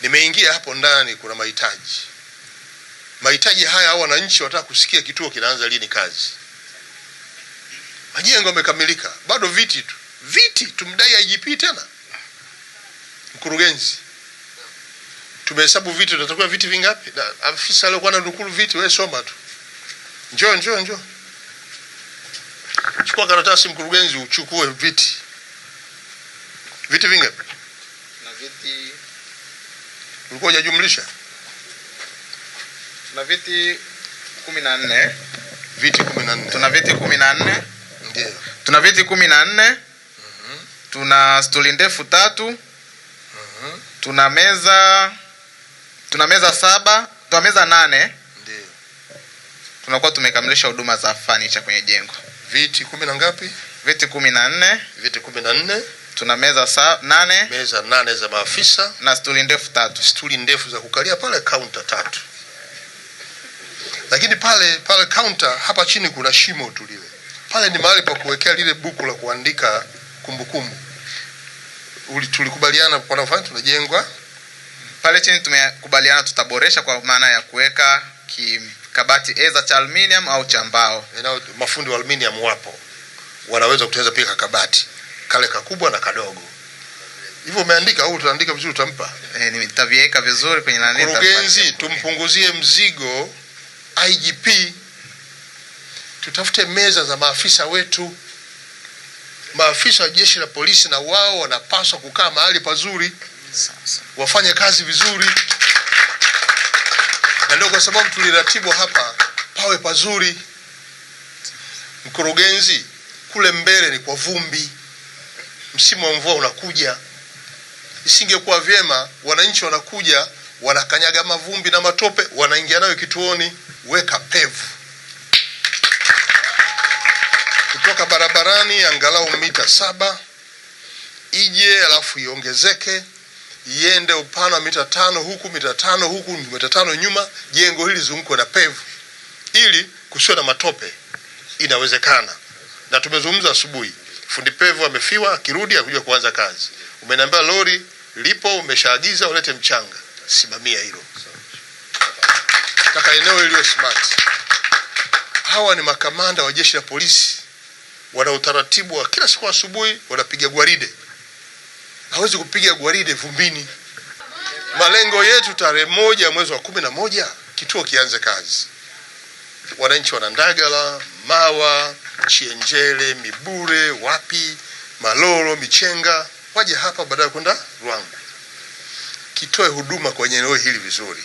Nimeingia hapo ndani, kuna mahitaji. Mahitaji haya au wananchi wanataka kusikia kituo kinaanza lini kazi. Majengo yamekamilika, bado viti tu, viti. Tumdai IGP tena, mkurugenzi tumehesabu viti, tunatakiwa viti vingapi? Na afisa aliyokuwa ananukulu viti, wewe soma tu, njoo njoo njoo, chukua karatasi mkurugenzi, uchukue viti. Viti vingapi? ulikuwa hujajumlisha tuna viti kumi na viti 14 tuna viti 14 ndio tuna viti 14 mhm tuna stuli ndefu tatu tuna meza tuna meza saba tuna meza nane ndio tunakuwa tumekamilisha huduma za fanicha kwenye jengo viti kumi na ngapi viti 14 viti tuna meza saa, nane, meza nane za maafisa na stuli ndefu tatu, stuli ndefu za kukalia pale, kaunta tatu. Lakini pale pale kaunta hapa chini kuna shimo tu, lile pale ni mahali pa kuwekea lile buku la kuandika kumbukumbu. Tulikubaliana kwa nafasi tunajengwa pale chini, tumekubaliana tutaboresha kwa maana ya kuweka kabati eza cha aluminium au cha mbao. Mafundi wa aluminium wapo, wanaweza kutengeneza pia kabati kale kakubwa na kadogo. Hivyo umeandika au utaandika vizuri utampa? Eh, nitaviweka vizuri kwenye nani. Mkurugenzi tumpunguzie mzigo IGP. Tutafute meza za maafisa wetu. Maafisa wa jeshi la polisi na wao wanapaswa kukaa mahali pazuri. wafanye kazi vizuri. Na ndio kwa sababu tuliratibu hapa pawe pazuri. Mkurugenzi, kule mbele ni kwa vumbi msimu wa mvua unakuja. Isingekuwa vyema wananchi wanakuja wanakanyaga mavumbi na matope, wanaingia nayo kituoni. Weka pevu kutoka barabarani angalau mita saba ije, alafu iongezeke iende upana wa mita tano huku mita tano huku mita tano nyuma, jengo hili zungukwe na pevu ili kusiwe na matope. Inawezekana, na tumezungumza asubuhi. Fundi pevu amefiwa, akirudi akuja kuanza kazi. Umeniambia lori lipo, umeshaagiza ulete mchanga, simamia hilo, taka eneo iliyo smart. Hawa ni makamanda wa jeshi la polisi, wana utaratibu wa kila siku asubuhi wanapiga gwaride. Hawezi kupiga gwaride vumbini. Malengo yetu tarehe moja mwezi wa kumi na moja kituo kianze kazi, wananchi wana Ndagala, Mawa Chienjele, Mibure, wapi, Malolo, Michenga, waje hapa ya kwenda Ruangwa, kitoe huduma kwenye eneo hili vizuri.